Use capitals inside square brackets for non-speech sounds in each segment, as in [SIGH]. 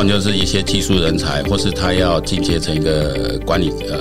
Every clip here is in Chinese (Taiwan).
主就是一些技術人才，或是他要進階成一個管理，呃，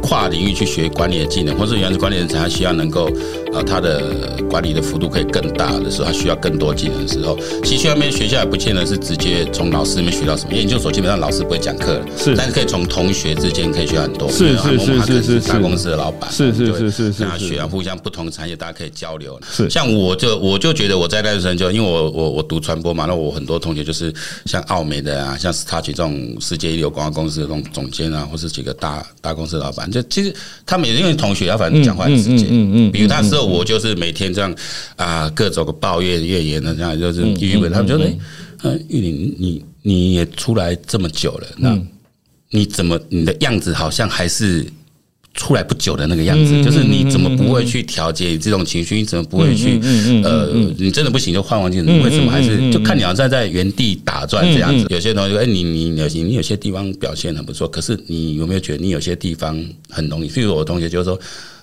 跨領域去學管理的技能，或是原始管理人才，他需要能夠。啊，他的管理的幅度可以更大的時候，他需要更多技能的時候，其實外面學校也不見得是直接從老師裡面學到什麼，研究所基本上老師不會講課了，是。但是可以從同學之間可以學很多。是是我們是是。大公司的老闆。是是是是。那他學啊，互相不同的產業大家可以交流。是。像我就我就覺得我在大學的時候就因為我我我讀傳播嘛，那我很多同學就是像奧美的啊，像史塔奇這種世界一流廣告公司的這種總監啊，或是幾個大大公司的老闆，啊，就，就，就，就，就，啊啊、就其實他們也因為同學啊，反正講話直接。嗯嗯嗯嗯。比如他是。我就是每天這樣啊，各種抱怨怨言的這樣，就是因為他們覺得，嗯，玉玲，你你也出來這麼久了，那你怎麼你的樣子好像還是出來不久的那個樣子？就是你怎麼不會去調節你這種情緒？你怎麼不會去？呃，你真的不行就換環境？你為什麼還是就看你好像在原地打轉這樣子？有些同學，哎，你你些你、你、你有些地方表現很不錯，可是你有沒有覺得你有些地方很容易？譬如我的同學就是說。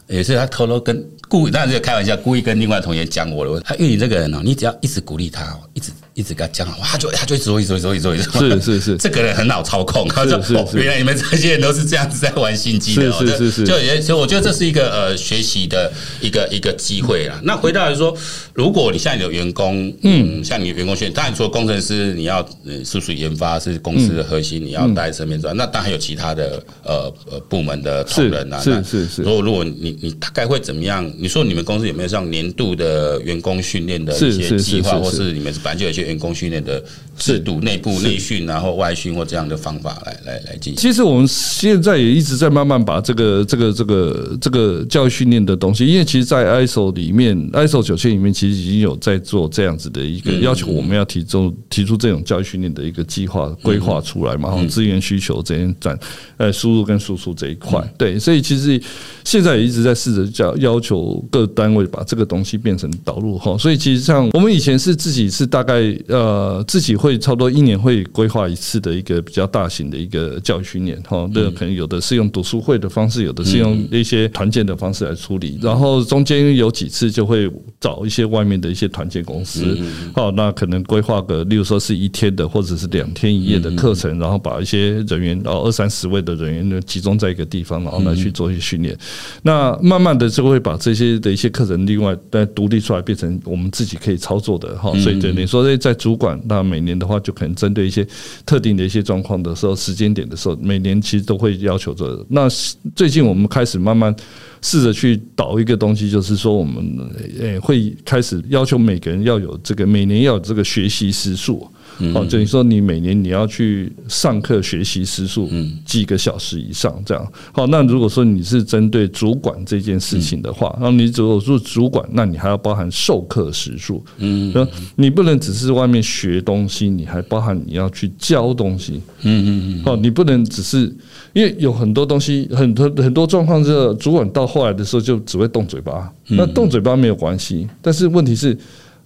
也是他偷偷跟故意，當然是開玩笑，故意跟另外同學講我的。他因為你這個人哦，你只要一直鼓勵他，一直，一直跟他講，哇，就他就所以所以所以所以是是是，這個人很好操控，他說哦，原來你們這些人都是這樣子在玩心機的，是是是，就也所以我覺得這是一個呃學習的一個一個機會啦。那回到來說，如果你像你的員工，嗯，像你的員工訓練，當然做工程師你要是不是研發是公司的核心，你要帶在身邊之外，那當然有其他的呃呃部門的同仁啊，是是是。如果如果你你大概會怎麼樣？你說你們公司有沒有像年度的員工訓練的一些計劃，或是你們本來就有一些。員工訓練的制度、內部內訓，然後外訓或這樣的方法來來來進行。其實我們現在也一直在慢慢把這個這個這個這個教育訓練的東西，因為其實，在 ISO 裡面，ISO 九千裡面其實已經有在做這樣子的一個要求，我們要提出提出這種教育訓練的一個計劃規劃出來嘛，然後資源需求這樣轉呃輸入跟輸出這一塊。對，所以其實現在也一直在試着叫要求各單位把這個東西變成導入哈。所以其實像我們以前是自己是大概。呃，自己會差不多一年會規劃一次的一個比較大型的一個教育訓練哈，那可能有的是用讀書會的方式，有的是用一些團建的方式來處理，然後中間有幾次就會找一些外面的一些團建公司，好，那可能規劃個，例如說是一天的或者是兩天一夜的課程，然後把一些人員，然後二三十位的人員呢集中在一個地方，然後來去做一些訓練，那慢慢的就會把這些的一些課程，另外再獨立出來變成我們自己可以操作的哈，所以這裡說這。在主管，那每年的話，就可能針對一些特定的一些狀況的時候，時間點的時候，每年其實都會要求做、這個。那最近我們開始慢慢試着去導一個東西，就是說我們呃會開始要求每個人要有這個，每年要有這個學習時數。好，等於說你每年你要去上課學習時數幾個小時以上，這樣。好，那如果說你是針對主管這件事情的話，那你只有做主管，那你還要包含授課時數。嗯，你不能只是外面學東西，你還包含你要去教東西。嗯嗯嗯。好，你不能只是，因為有很多東西，很多很多狀況是主管到後來的時候就只會動嘴巴，那動嘴巴沒有關係，但是問題是。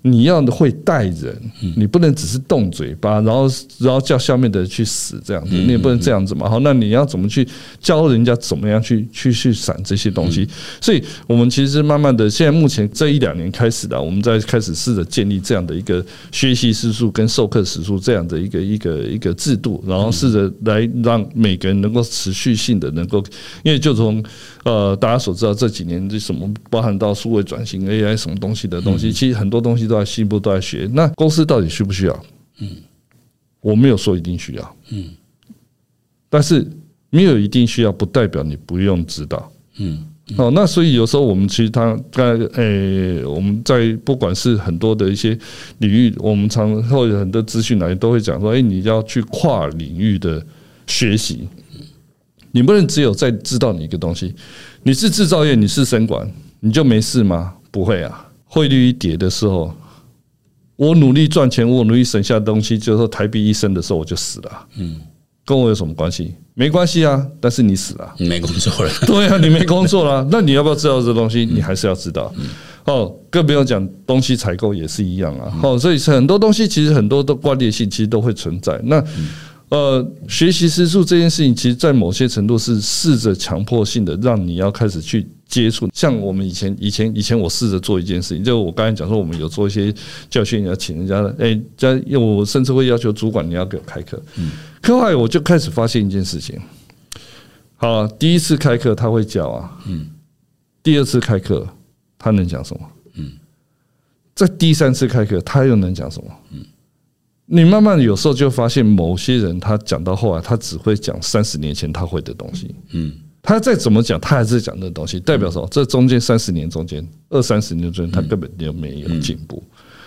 你要的會帶人，你不能只是動嘴巴，然後然後叫下面的人去死這樣子，你也不能這樣子嘛。好，那你要怎麼去教人家怎麼樣去去去閃這些東西？所以我們其實慢慢的，現在目前這一兩年開始了，我們在開始試着建立這樣的一個學習時數跟授課時數這樣的一個一個一個制度，然後試着來讓每個人能夠持續性的能夠，因為就從。呃，大家所知道這幾年是什麼包含，到數位轉型、AI 什麼東西的東西，其實很多東西都在西部都在學。那公司到底需不需要？嗯，我沒有說一定需要，嗯，但是沒有一定需要，不代表你不用知道，嗯。哦，那所以有時候我們其實他剛才誒，我們在不管是很多的一些領域，我們常會有很多資訊來都會講說，誒，你要去跨領域的學習。你不能只有在知道你一個東西，你是製造業，你是生管，你就沒事嗎？不會啊，匯率一跌的時候，我努力賺錢，我努力省下東西，就是說台幣一升的時候，我就死了。嗯，跟我有什麼關係？沒關係啊，但是你死了，沒工作了。對啊，你沒工作了，啊，那你要不要知道這個東西？你還是要知道。嗯，哦，更不用講東西採購也是一樣啊。好，所以很多東西其實很多的關聯性其實都會存在。那。呃，學習私塾這件事情，其實，在某些程度是試着強迫性的，讓你要開始去接觸。像我們以前、以前、以前，我試着做一件事情，就我剛才講說，我們有做一些教訓要請人家的，哎，我甚至會要求主管，你要給我開課。嗯，課外我就開始發現一件事情。好，第一次開課他會教啊，嗯，第二次開課他能講什麼？嗯，再第三次開課他又能講什麼？嗯。你慢慢有時候就發現，某些人他講到後來，他只會講三十年前他會的東西。嗯，他再怎麼講，他還是講那東西，代表什麼？這中間三十年中間，二三十年中間，他根本就沒有進步。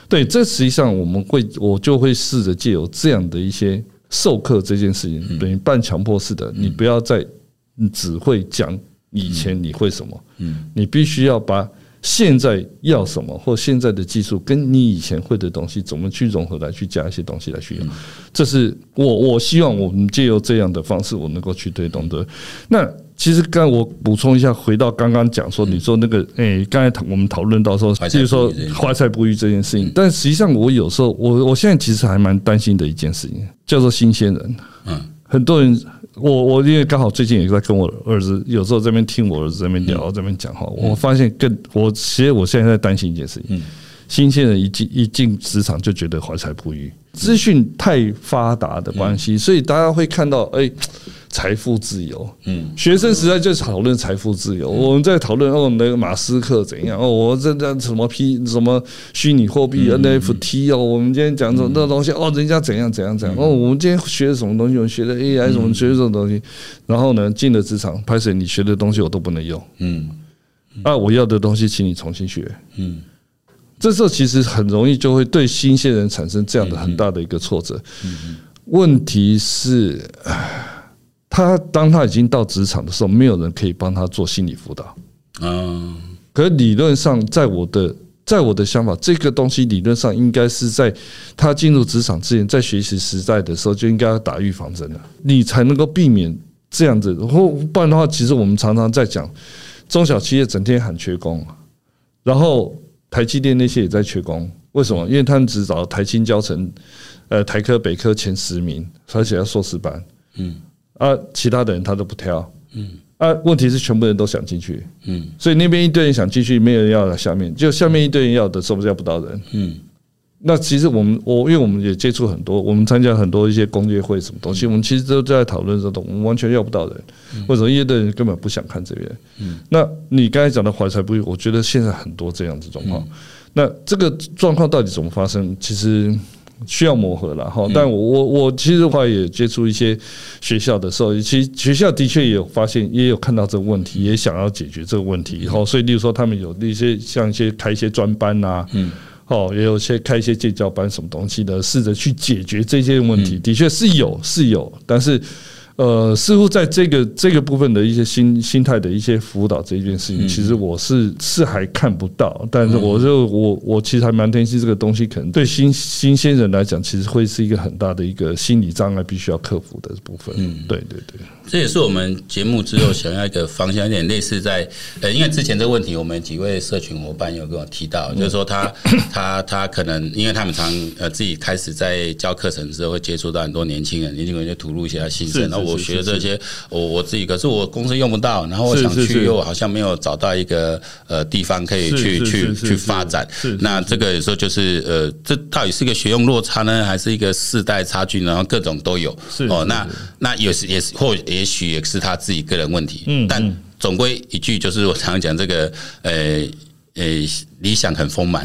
對，這實際上我們會，我就會試着借由這樣的一些授課這件事情，等於半強迫式的，你不要再你只會講以前你會什麼，嗯，你必須要把。現在要什麼，或現在的技術跟你以前會的東西怎麼去融合來去加一些東西來去用，這是我我希望我們借由這樣的方式我能夠去推動的。那其實剛我補充一下，回到剛剛講說，你說那個誒，剛才我們討論到說，就是說懷才不遇這件事情，但實際上我有時候我我現在其實還蠻擔心的一件事情，叫做新鮮人，嗯，很多人。我我因為剛好最近也在跟我兒子，有時候在那邊聽我兒子在那邊聊，嗯，在那邊講話。我發現更我其實我現在在擔心一件事情，新鮮人一進一進職場就覺得懷才不遇，資訊太發達的關係，所以大家會看到哎，欸。財富自由，嗯，學生時代就是討論財富自由。我們在討論哦，那個馬斯克怎樣哦，我這這什麼批什麼虛擬貨幣 NFT 哦，我們今天講這那東西哦，人家怎樣怎樣怎樣哦，我們今天學的什麼東西，我們學的 AI 什麼學的這種東西，然後呢，進了職場，抱歉，你學的東西我都不能用，嗯，啊，我要的東西請你重新學，嗯，這時候其實很容易就會對新鮮人產生這樣的很大的一個挫折。嗯，問題是，唉。他當他已經到職場的時候，沒有人可以幫他做心理輔導。嗯，可理論上，在我的在我的想法，這個東西理論上應該是在他進入職場之前，在學習時代的時候就應該要打預防針了，你才能夠避免這樣子。然後不然的話，其實我們常常在講中小企業整天喊缺工，然後台積電那些也在缺工，為什麼？因為他們只找台清交成，呃台科、北科前十名，而且要碩士班。嗯。啊，其他的人他都不挑，嗯，啊，啊，問題是全部人都想進去，嗯，所以那邊一堆人想進去，沒有人要在下面，就下面一堆人要的時候，要不到人，嗯，那其實我們我因為我們也接觸很多，我們參加很多一些工業會什麼東西，我們其實都在討論這種，我們完全要不到人，或者一堆人根本不想看這邊，嗯，那你剛才講的懷才不遇，我覺得現在很多這樣子狀況，那這個狀況到底怎麼發生？其實。需要磨合了哈，但我我我其實話也接觸一些學校的時候，其實學校的確也有發現，也有看到這個問題，也想要解決這個問題，所以，例如說他們有那些像一些開一些專班吶，嗯，哦，也有些開一些建教班什麼東西的，試着去解決這些問題，的確是有是有，但是。呃，似乎在這個這個部分的一些心心態的一些輔導這一件事情，嗯、其實我是是還看不到，但是我就、嗯、我我其實還蠻擔心這個東西，可能對新新鮮人來講，其實會是一個很大的一個心理障礙，必須要克服的部分。嗯，對對對，這也是我們節目之後想要一個方向、嗯、有點，類似在呃，因為之前這個問題，我們幾位社群夥伴有跟我提到，就是說他、嗯、他他可能因為他們常 [COUGHS] 呃自己開始在教課程的時候會接觸到很多年輕人，年輕人就吐露一些心聲，是然後。我學這些，我我自己可是我公司用不到，然後我想去，又好像沒有找到一個呃地方可以去去去發展。那這個有時候就是呃，這到底是一個學用落差呢，還是一個世代差距呢？然後各種都有哦。那那也是也是或也許也是他自己個人問題。嗯，但總歸一句就是我常常講這個呃呃。理想很豐滿，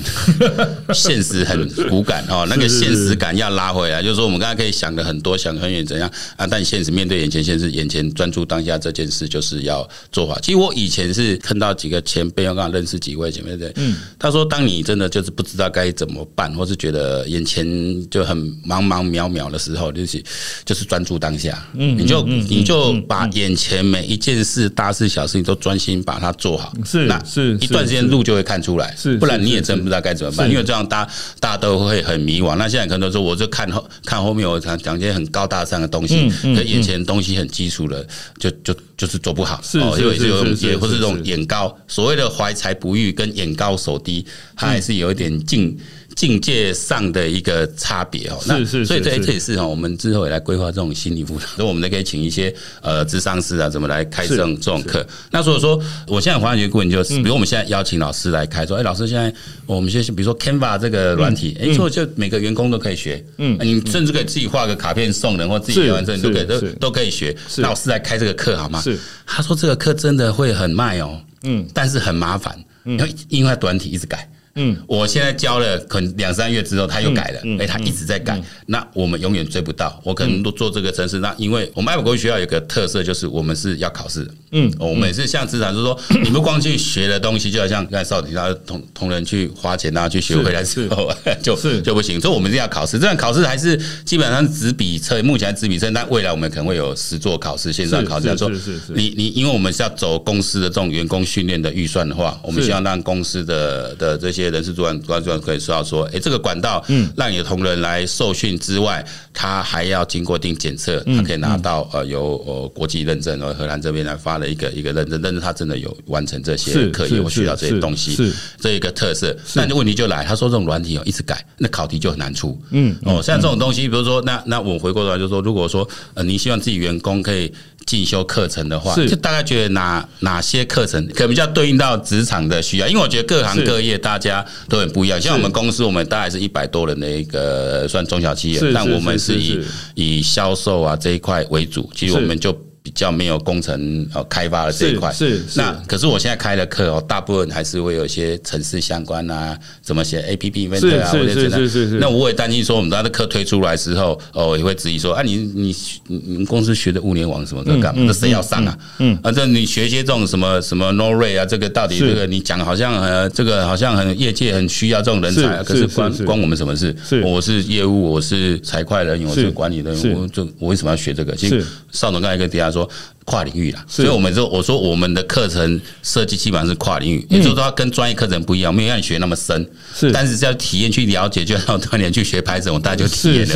現實很骨感哦。 [LAUGHS] 是 那個現實感要拉回來，是是是，就是說我們剛才可以想的很多，想很遠，怎樣啊？但現實面對眼前，現實眼前專注當下這件事就是要做好。其實我以前是看到幾個前輩跟他認識幾位前輩的，對，嗯，他說，當你真的就是不知道該怎麼辦，或是覺得眼前就很茫茫渺渺的時候，就是就是專注當下，嗯，你就嗯嗯你就把眼前每一件事，大事小事你都專心把它做好，是那是，是，是一段時間路就會看出來。是是是是不然你也真不知道該怎麼辦，因為這樣大大家都會很迷惘。那現在可能說，我就看後看後面，我想講一些很高大上的東西，可眼前東西很基礎的，就就就是做不好。是，因為這種也或是這種眼高，所謂的懷才不遇跟眼高手低，它還是有一點近。境界上的一個差別哦，那所以在這也是哈，我們之後也來規劃這種心理輔導，所以我們都可以請一些呃諮商師啊，怎麼來開這種這種課。那所以說，我現在還有一個問題，就是，比如我們現在邀請老師來開，說，哎，老師現在我們先比如說 Canva 這個軟體，哎，所就每個員工都可以學，嗯，你甚至可以自己畫個卡片送人，或自己完這，都可都都可以學。那老師來開這個課好嗎？是，他說這個課真的會很慢哦，嗯，但是很麻煩，因為因為它短體一直改。嗯，我現在教了可能兩三月之後，他又改了，誒、嗯，嗯嗯、他一直在改，嗯嗯、那我們永遠追不到。我可能都做這個程式，那因為我們艾葆國際學校有個特色，就是我們是要考試的。嗯，oh, 嗯我們也是像資產就是說，說，你不光去學的東西，就要像剛才邵提到同同仁去花錢啊，去學回來之後，是是 [LAUGHS] 就是就不行。所以我們是要考試，雖然考試還是基本上紙筆測，目前紙筆測，但未來我們可能會有實作考試、線上考試。說，是是是。你你，你因為我們是要走公司的這種員工訓練的預算的話，我們需要讓公司的的這些人事主管、主管、主管可以說道說，哎、欸，這個管道，嗯，讓你的同仁來受訓之外，嗯、他還要經過一定檢測，他可以拿到、嗯嗯、呃由呃國際認證，和荷蘭這邊來發。的一個一個認證，但是他真的有完成這些課業，我需要這些東西，這一個特色。那是問題就來，他說這種軟體一直改，那考題就很難出。嗯，嗯哦，像這種東西，比如說那那我回過頭來就說，如果說呃，您希望自己員工可以進修課程的話，是就大概覺得哪哪些課程可能比較對應到職場的需要？因為我覺得各行各業大家都很不一樣。像我們公司，我們大概是一百多人的一個算中小企業，但我們是以是是是是以銷售啊這一塊為主。其實我們就。比較沒有工程呃開發的這一塊是，是，是那，可是我現在開的課哦，大部分還是會有一些程式相關啊，怎麼寫 A P P Inventor 啊，對啊，我在講，那我也擔心說，我們的課推出來之後哦，我也會質疑說，哎、啊、你你你們公司學的物聯網什麼的幹嘛？那誰、嗯嗯、要上啊？嗯，反、嗯、正、啊、你學一些這種什麼什麼 Node-RED 啊，這個到底這個是你講好像呃，這個好像很業界很需要這種人才，是可是關關我們什麼事？是我是業務，我是財會人，我是管理人員，是我就我為什麼要學這個？其實邵總剛才跟大家說。說跨領域啊，所以我們就我說我們的課程設計基本上是跨領域，欸，也、嗯、就是說跟專業課程不一樣，沒有讓你學那麼深，但是，是要體驗去了解，就像當年去學拍子，我大家就體驗了，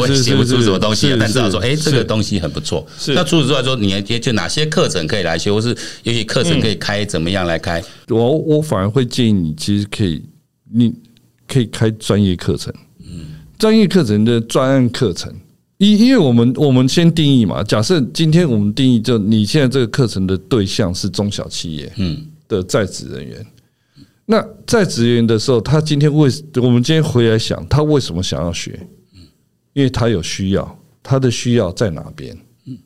我也寫不出什麼東西，啊、但知道說，哎，這個東西很不錯。那除此之外，說你接就哪些課程可以來學，或是有些課程可以開怎麼樣來開？我、嗯、我反而會建議你，其實可以，你可以開專業課程，專業課程的專案課程。因因為我們我們先定義嘛，假設今天我們定義就你現在這個課程的對象是中小企業，嗯，的在職人員，那在職人員的時候，他今天為我們今天回來想，他為什麼想要學？嗯，因為他有需要，他的需要在哪邊？嗯，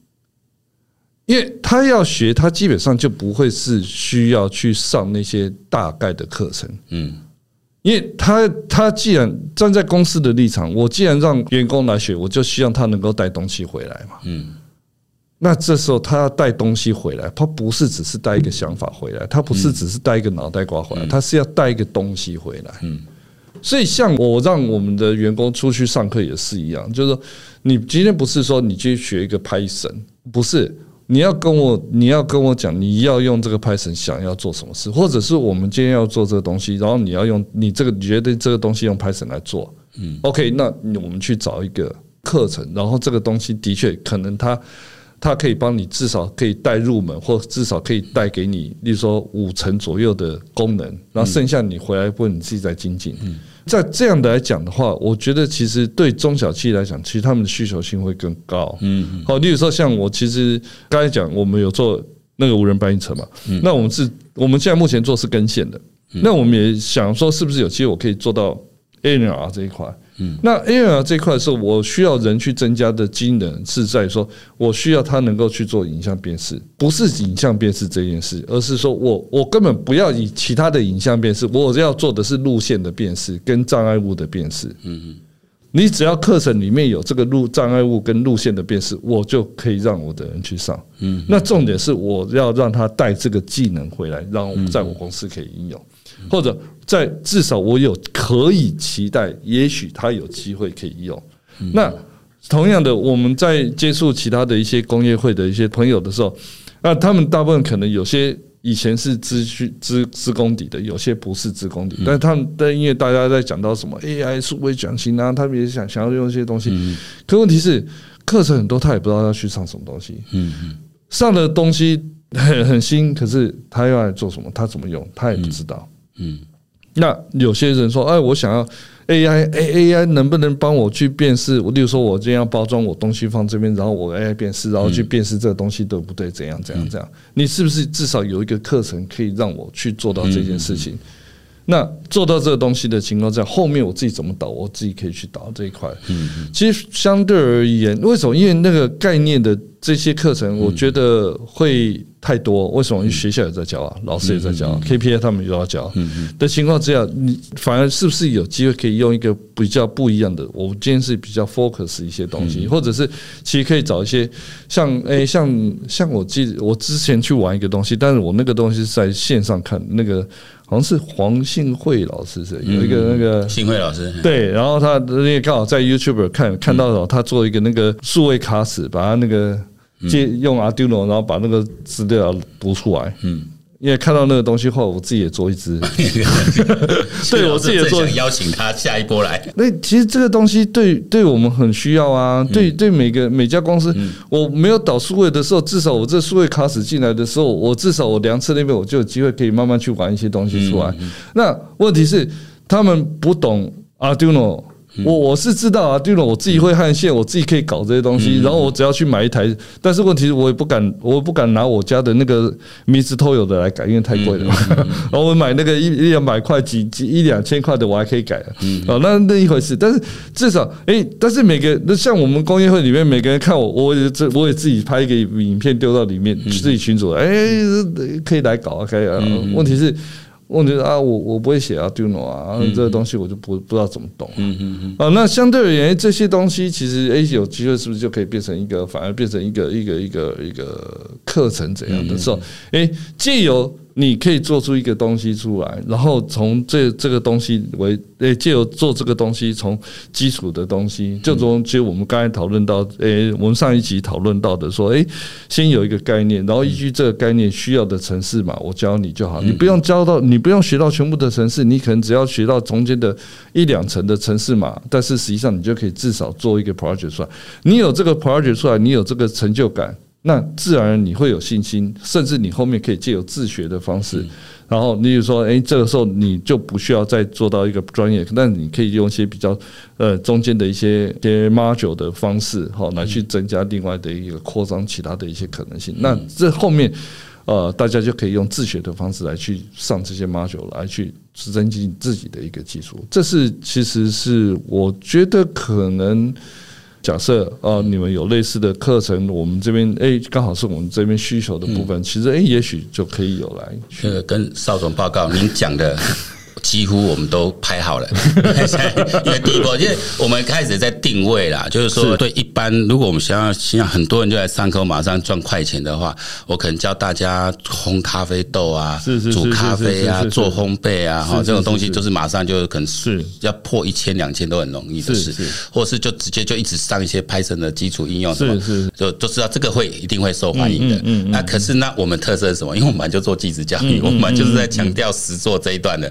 因為他要學，他基本上就不會是需要去上那些大概的課程，嗯。因為他他既然站在公司的立場，我既然讓員工來學，我就希望他能夠帶東西回來嘛。嗯，那這時候他要帶東西回來，他不是只是帶一個想法回來，他不是只是帶一個腦袋瓜回來，他是要帶一個東西回來。嗯，所以像我讓我們的員工出去上課也是一樣，就是說你今天不是說你去學一個 Python，不是。你要跟我，你要跟我講，你要用這個 Python 想要做什麼事，或者是我們今天要做這個東西，然後你要用你這個你覺得這個東西用 Python 來做。OK，嗯，OK，那我們去找一個課程，然後這個東西的確可能它，它可以幫你至少可以帶入門，或至少可以帶給你，例如說五成左右的功能，然後剩下你回來問你自己再精進，嗯。嗯在這樣的來講的話，我覺得其實對中小企業來講，其實他們的需求性會更高。嗯，好，你比如說像我，其實剛才講我們有做那個無人搬運車嘛，那我們是，我們現在目前做是跟線的，那我們也想說，是不是有機會我可以做到。A R 這一塊，嗯，那 A R 這塊是我需要人去增加的技能，是在說，我需要他能夠去做影像辨識，不是影像辨識這件事，而是說我我根本不要以其他的影像辨識，我要做的是路線的辨識跟障礙物的辨識。嗯嗯，你只要課程裡面有這個路障礙物跟路線的辨識，我就可以讓我的人去上。嗯，那重點是我要讓他帶這個技能回來，讓我在我公司可以應用。或者在至少我有可以期待，也許他有機會可以用。那同樣的，我們在接觸其他的一些工業會的一些朋友的時候，那他們大部分可能有些以前是資需資資工底的，有些不是資工底。嗯嗯、但是他們，的因為大家在講到什麼 AI 數位轉型啊，他們也想想要用一些東西。可問題是課程很多，他也不知道要去上什麼東西。嗯嗯，上的東西很很新，可是他要來做什麼？他怎麼用？他也不知道。嗯嗯嗯嗯嗯嗯，那有些人說，哎，我想要 A I A、欸、A I 能不能幫我去辨識？我，例如說，我這樣包裝我東西放這邊，然後我 A I 辨識，然後去辨識這個東西對不對？嗯、怎樣？怎樣？怎樣、嗯？你是不是至少有一個課程可以讓我去做到這件事情？嗯嗯嗯那做到這個東西的情況下，後面我自己怎麼導，我自己可以去導這一塊。嗯，其實相對而言，為什麼？因為那個概念的這些課程，我覺得會太多。為什麼？因為學校也在教啊，老師也在教啊，KPI 他們也要教啊。嗯，的情況之下，你反而是不是有機會可以用一個比較不一樣的？我今天是比較 focus 一些東西，或者是其實可以找一些像誒、欸，像像我記得我之前去玩一個東西，但是我那個東西是在線上看那個。好像是黃信惠老師是、嗯、有一個那個信惠老師對，嗯、然後他那個剛好在 YouTube 看看到了，他做一個那個數位卡尺，把他那個借用 Arduino，然後把那個資料讀出來，嗯。因為看到那個東西後，我自己也做一支。對我自己也做，邀請他下一波來。那其實這個東西對對我們很需要啊，對對每個每家公司，我沒有導數位的時候，至少我這數位卡死進來的時候，我至少我量測那邊我就有機會可以慢慢去玩一些東西出來。那問題是他們不懂 Arduino。我我是知道啊，丁總，我自己會焊線，我自己可以搞這些東西。然後我只要去買一台，但是問題是我也不敢，我也不敢拿我家的那個 m mistoyo 的來改，因為太貴了。然後我買那個一兩百塊、幾幾一兩千塊的，我還可以改。哦，那那一回事。但是至少，哎，但是每個那像我們工業會裡面每個人看我，我也這我也自己拍一個影片丟到裡面自己群組，哎，可以來搞啊，可以啊。問題是。問題是啊，我我不會寫啊，Arduino 啊，這個東西我就不不知道怎麼懂。啊，那相對而言，這些東西其實誒，有機會是不是就可以變成一個，反而變成一個一個一個一個課程怎樣的時候，誒，既有。你可以做出一個東西出來，然後從這這個東西為誒，借由做這個東西，從基礎的東西，就從其實我們剛才討論到誒、欸，我們上一集討論到的，說誒、欸，先有一個概念，然後依據這個概念需要的程式碼，我教你就好，你不用教到，你不用學到全部的程式，你可能只要學到中間的一兩層的程式碼，但是實際上你就可以至少做一個 project 出來，你有這個 project 出來，你有這個成就感。那自然你會有信心，甚至你後面可以借由自學的方式，然後例如說，哎，這個時候你就不需要再做到一個專業，但你可以用一些比較呃中間的一些些 module 的方式，好來去增加另外的一個擴張其他的一些可能性。那這後面呃大家就可以用自學的方式來去上這些 module 來去增進自己的一個技術。這是其實是我覺得可能。假設啊，你們有類似的課程，我們這邊哎，剛好是我們這邊需求的部分，其實哎，也許就可以有來去、嗯、跟邵總報告您講的。 [LAUGHS] 幾乎我們都拍好了，一個地步，因為我們開始在定位啦，就是說，對一般如果我們想要，現在很多人就在上課，馬上賺快錢的話，我可能教大家烘咖啡豆啊，煮咖啡啊，做烘焙啊，哈，這種東西就是馬上就可能是要破一千兩千都很容易的事，或是就直接就一直上一些 Python 的基礎應用，是是，就都知道這個會一定會受歡迎的，嗯，那可是那我們特色是什麼？因為我們就做技術教育，我們就是在強調實做這一段的，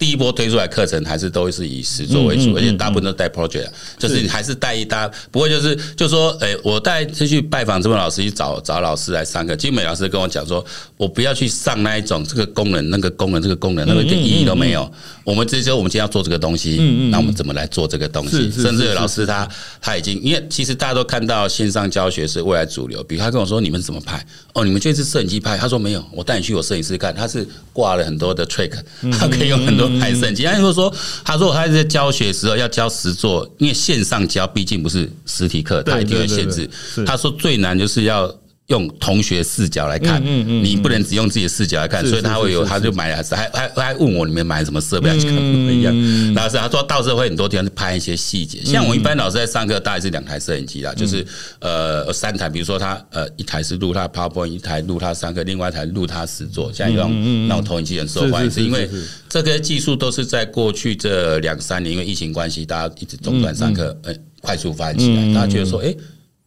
第一波推出來課程還是都是以實作為主，而且大部分都帶 project，就是你還是帶一搭。不過就是就是說，哎，我帶去去拜訪這麼多老師，去找找老師來上課。其實美老師跟我講說，我不要去上那一種這個功能那個功能這個功能，那個一點意義都沒有。我們直接我們今天要做這個東西，那我們怎麼來做這個東西？甚至有老師他他已經，因為其實大家都看到線上教學是未來主流。比如他跟我說，你們怎麼拍？哦，你們就是攝影機拍？他說沒有，我帶你去我攝影師看，他是掛了很多的 trick，他可以用很多。太神奇！他就是、說，他說他在教學的時候要教實作，因為線上教畢竟不是實體課，對對對對，他一定會限制。是他說最難就是要。用同學視角來看，你不能只用自己的視角來看，嗯嗯嗯嗯、所以他會有，他就買啊，還還還問我裡面買什麼設備來看不一樣。那是他說到時候會很多天拍一些細節，像我一般老師在上課大概是兩台攝影機啦，就是呃三台，比如說他呃一台是錄他 PowerPoint，一台錄他上課，另外一台錄他實作，像用腦投影機很受歡迎，是因為這個技術都是在過去這兩三年因為疫情關係，大家一直中斷上課，快速發展起來，大家覺得說，哎。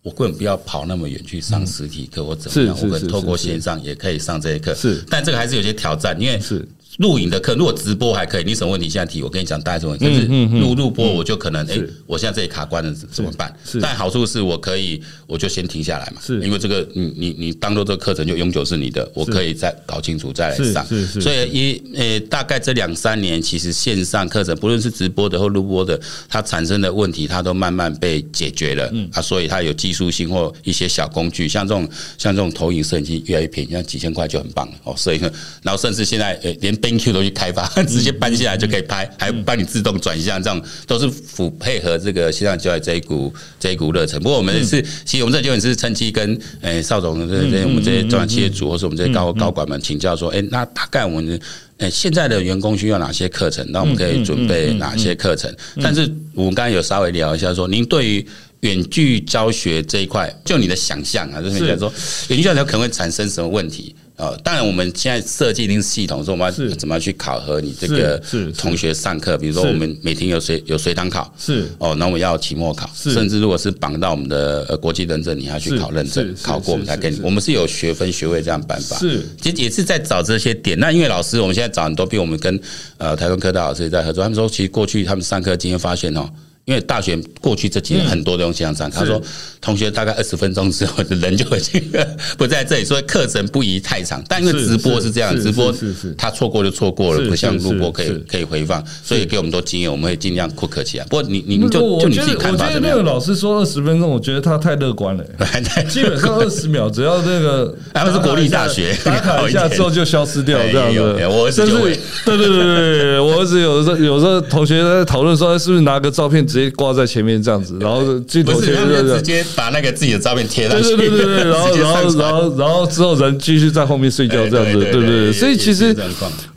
我根本不要跑那麼遠去上實體課，或怎麼樣，我個人透過線上也可以上這些課。是，是，但這個還是有些挑戰，因為是。錄影的課，如果直播還可以，你什麼問題現在提？我跟你講，大概什麼問題？就是錄錄播，我就可能哎、欸，我現在這裡卡關了，怎麼辦？但好處是我可以，我就先停下來嘛，是因為這個你你你當做這個課程就永久是你的，我可以再搞清楚再來上。是是是是，所以一、欸、大概這兩三年，其實線上課程不論是直播的或錄播的，它產生的問題，它都慢慢被解決了。嗯、啊，所以它有技術性或一些小工具，像這種像這種投影攝影機越來越便宜，像幾千塊就很棒了哦。所以然後甚至現在呃、欸、連 BenQ 都去開發，直接搬下來就可以拍，嗯嗯、還幫你自動轉向這種，這樣、嗯、都是輔配合這個線上教育這一股這一股熱忱，不過我們也是，嗯、其實我們這幾年是趁機跟誒、欸、邵總，對對，嗯嗯、我們這些專案企業組，嗯嗯、或是我們這些高、嗯嗯、高管們請教說，哎、欸，那大概我們誒、欸、現在的員工需要哪些課程？那我們可以準備哪些課程？嗯嗯嗯、但是我們剛剛有稍微聊一下說，您對於遠距教學這一塊，就你的想象啊，就是在說遠是距教學可能會產生什麼問題？呃，當然，我們現在設計一定系統，說我們是要怎麼樣去考核你這個同學上課。比如說，我們每天有隨有隨堂考，是哦，那我們要期末考，是甚至如果是綁到我們的國際認證，你要去考認證，考過我們才給你。我們是有學分學位這樣辦法。是，其實也是在找這些點。那因為老師，我們現在找很多，比如我們跟呃台灣科大老師也在合作。他們說，其實過去他們上課，今天發現哦。因為大學過去這幾年很多東西上上，他說是 同學大概二十分鐘之後的人就會這個不在這裡，所以課程不宜太長。但因為直播是這樣，直播是是，他錯過就錯過了，不像錄播可以可以回放。所以給我們多經驗，我們會盡量擴課期啊。不過你你你就就你自己看吧。法，我覺得那個老師說二十分鐘，我覺得他太樂觀了、欸。基本上二十秒，只要這個他們是國立大學打卡一下打卡一下之後就消失掉這樣的，我這就對對對對。 [LAUGHS] 就是有的時候，有時候同學在討論說，是不是拿個照片直接掛在前面這樣子，然後同學就直接把那個自己的照片貼上，對對對,對，然,然,然後然後然後然後之後人繼續在後面睡覺這樣子，對不對,對？所以其實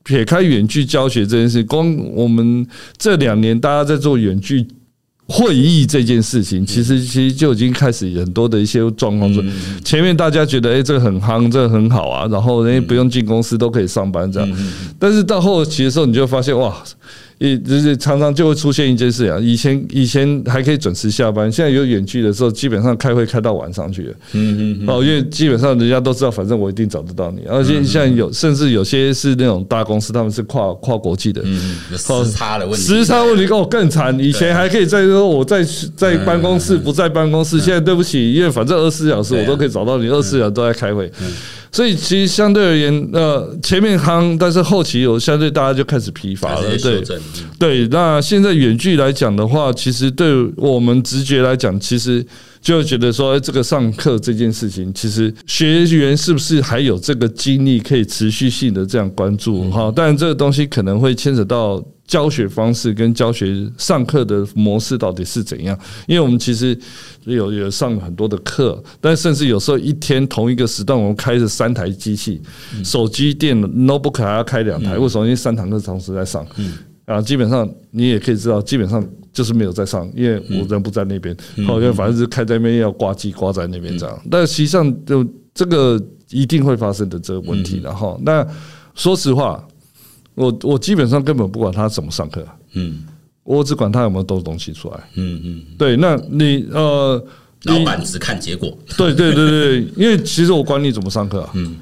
撇開遠距教學這件事，光我們這兩年大家在做遠距。會議這件事情，其實其實就已經開始很多的一些狀況。前面大家覺得，哎，這個很夯，這個很好啊，然後人家不用進公司都可以上班這樣。但是到後期的時候，你就發現，哇。也就是常常就會出現一件事啊，以前以前還可以準時下班，現在有遠距的時候，基本上開會開到晚上去了。嗯嗯。哦，因為基本上人家都知道，反正我一定找得到你。而且像有甚至有些是那種大公司，他們是跨跨國際的。嗯嗯。時差的問題，時差問題更更慘。以前還可以在說我在在辦公室，不在辦公室，現在對不起，因為反正二十四小時我都可以找到你，二十四小時都在開會。所以其實相對而言，呃，前面夯，但是後期有相對，大家就開始疲乏了，對對。那現在遠距來講的話，其實對我們直覺來講，其實就覺得說，這個上課這件事情，其實學員是不是還有這個精力可以持續性的這樣關注？哈，但這個東西可能會牽扯到。教學方式跟教學上課的模式到底是怎樣？因為我們其實有有上很多的課，但甚至有時候一天同一個時段，我們開着三台機器，手機、電腦、notebook 還要開兩台，為什麼？因為三堂課同時在上，啊，基本上你也可以知道，基本上就是沒有在上，因為我人不在那邊，因為反正是開在那邊要掛機掛在那邊這樣。但實際上就這個一定會發生的這個問題，然後那說實話。我我基本上根本不管他怎麼上課、啊，嗯，我只管他有沒有東西出來，嗯，嗯嗯，對，那你呃，老闆只看結果、欸，對對對對， [LAUGHS] 因為其實我管你怎麼上課啊，嗯，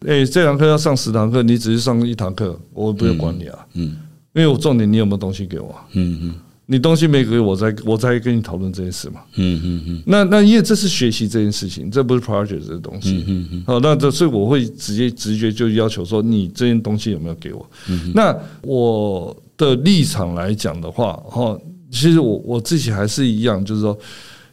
誒、欸，這堂課要上十堂課，你只是上一堂課，我不要管你啊，嗯，嗯，因為我重點你有沒有東西給我？啊嗯，嗯嗯。你東西沒給我，我再我再跟你討論這件事嘛。嗯嗯嗯。嗯嗯，那那因為這是學習這件事情，這不是 project 這東西。嗯嗯。嗯嗯，好，那這所以我會直接直覺就要求說，你這件東西有沒有給我？嗯。嗯，那我的立場來講的話，哈，其實我我自己還是一樣，就是說，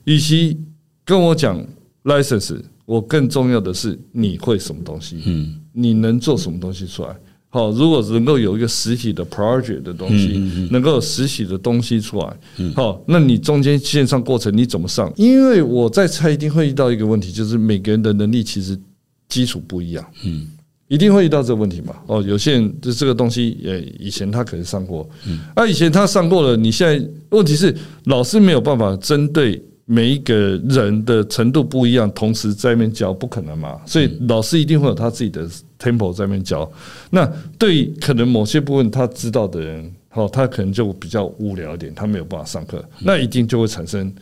與其跟我講 license，我更重要的是你會什麼東西？嗯。你能做什麼東西出來？好，如果能夠有一個實體的 project 的東西，能夠有實體的東西出來，好，那你中間線上過程你怎麼上？因為我在猜一定會遇到一個問題，就是每個人的能力其實基礎不一樣，嗯，一定會遇到這個問題嘛。哦，有些人就這個東西，呃，以前他可能上過，嗯，那以前他上過了，你現在問題是老師沒有辦法針對每一個人的程度不一樣，同時在那邊教不可能嘛，所以老師一定會有他自己的。Tempo 在那邊教，那對可能某些部分他知道的人，好，他可能就比較無聊一點，他沒有辦法上課，那一定就會產生，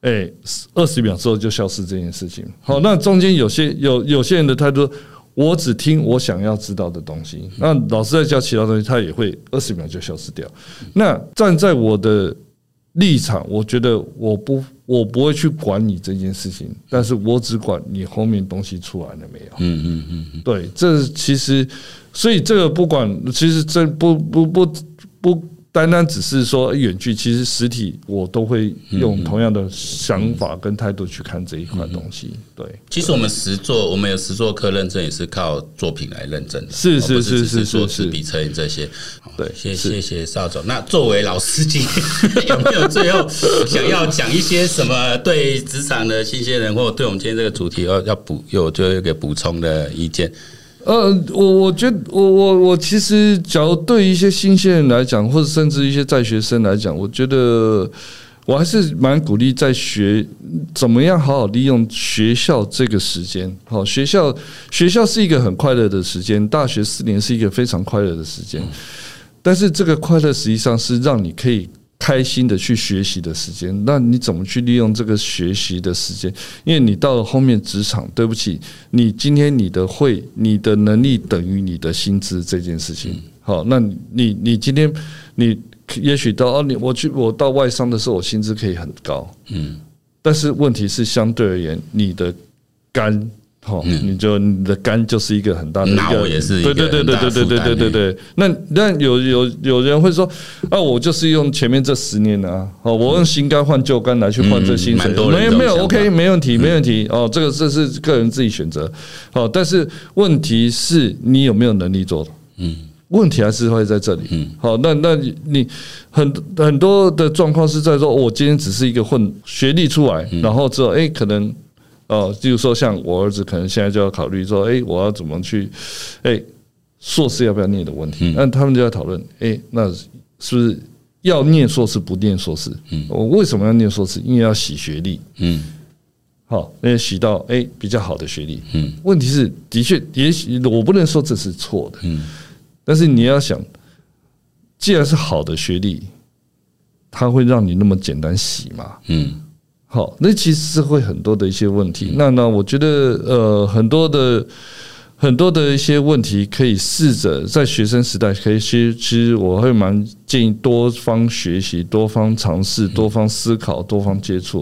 哎，二十秒之後就消失這件事情。好，那中間有些有有些人的態度，我只聽我想要知道的東西，那老師在教其他東西，他也會二十秒就消失掉。那站在我的。立場，我覺得我不我不會去管你這件事情，但是我只管你後面東西出來了沒有。嗯嗯嗯嗯，對，這其實，所以這個不管，其實這不不不不，單單只是說遠距，其實實體我都會用同樣的想法跟態度去看這一塊東西。對，對其實我們實作，我們有實作課認證，也是靠作品來認證的。是是是是是，不是筆稱這些。對，謝謝是謝邵總。那作為老司機， [LAUGHS] 有沒有最後想要講一些什麼對職場的新鮮人，或者對我們今天這個主題要補要補有就一個補充的意見？呃，我我覺得我我我其實，假如對一些新鮮人來講，或者甚至一些在學生來講，我覺得我還是蠻鼓勵在學怎麼樣好好利用學校這個時間。好，學校學校是一個很快樂的時間，大學四年是一個非常快樂的時間，但是這個快樂實際上是讓你可以。開心的去學習的時間，那你怎麼去利用這個學習的時間？因為你到了後面職場，對不起，你今天你的會，你的能力等於你的薪資這件事情。好，那你你今天你也許到哦，你我去我到外商的時候，我薪資可以很高，嗯，但是問題是相對而言，你的肝。好，嗯、你就你的肝就是一個很大的，那我也是對對對對對對對對對對對，對，對，對。那那有有有人會說啊，我就是用前面這十年呢。哦，我用新肝換舊肝來去換這薪水，沒有沒有，OK，沒問題沒問題。哦，這個這是個人自己選擇。哦，但是問題是你有沒有能力做？嗯，問題還是會在這裡。嗯，好，那那你很很多的狀況是在說，我今天只是一個混學歷出來，然後之後哎可能。哦，就是說，像我兒子可能現在就要考慮說，哎、欸，我要怎麼去，哎、欸，碩士要不要念的問題？那、嗯、他們就要討論，哎、欸，那是不是要念碩士不念碩士？嗯、我為什麼要念碩士？因為要洗學歷，嗯，好，那洗到哎、欸、比較好的學歷，嗯，問題是，的確，也許我不能說這是錯的，嗯，但是你要想，既然是好的學歷，它會讓你那麼簡單洗嗎？嗯。好，那其實是會很多的一些問題。那呢，我覺得呃，很多的很多的一些問題可以試着在學生時代可以。其實，其實我會蠻。建議多方學習、多方嘗試、多方思考、多方接觸，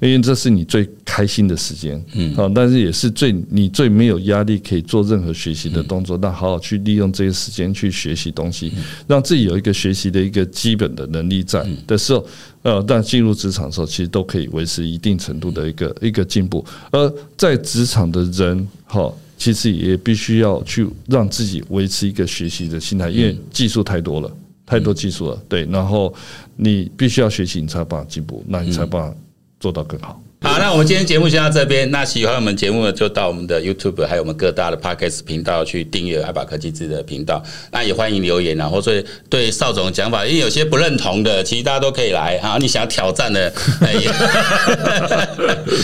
因為這是你最開心的時間，嗯好，但是也是最你最沒有壓力可以做任何學習的動作。那好好去利用這個時間去學習東西，讓自己有一個學習的一個基本的能力，在的時候，呃，但進入職場的時候，其實都可以維持一定程度的一個一個進步。而在職場的人，哈，其實也必須要去讓自己維持一個學習的心態，因為技術太多了。太多技術了，嗯、對，然後你必須要學習，你才有辦法進步，那你才有辦法做到更好。嗯好，那我們今天節目先到這邊。那喜歡我們節目呢，就到我們的 YouTube 還有我們各大的 Podcast 頻道去訂閱艾葆科技誌的頻道。那也歡迎留言啊，或者對邵總的講法，因為有些不認同的，其實大家都可以來啊。你想挑戰的，哎、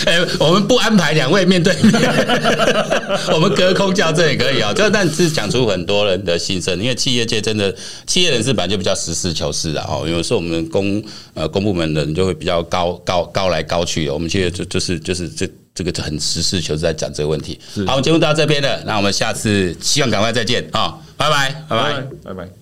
欸 [LAUGHS] [LAUGHS] 欸，我們不安排兩位面對面， [LAUGHS] [LAUGHS] 我們隔空叫陣也可以啊，喔。就但是講出很多人的心聲，因為企業界真的，企業人士本來就比較實事求是的哦。因為是我們公呃公部門的人就會比較高高高來高去，我們去。就就是就是這這個就很實事求是在講這個問題。好，我們節目到這邊了，那我們下次希望趕快再見啊！拜拜拜拜拜拜。拜拜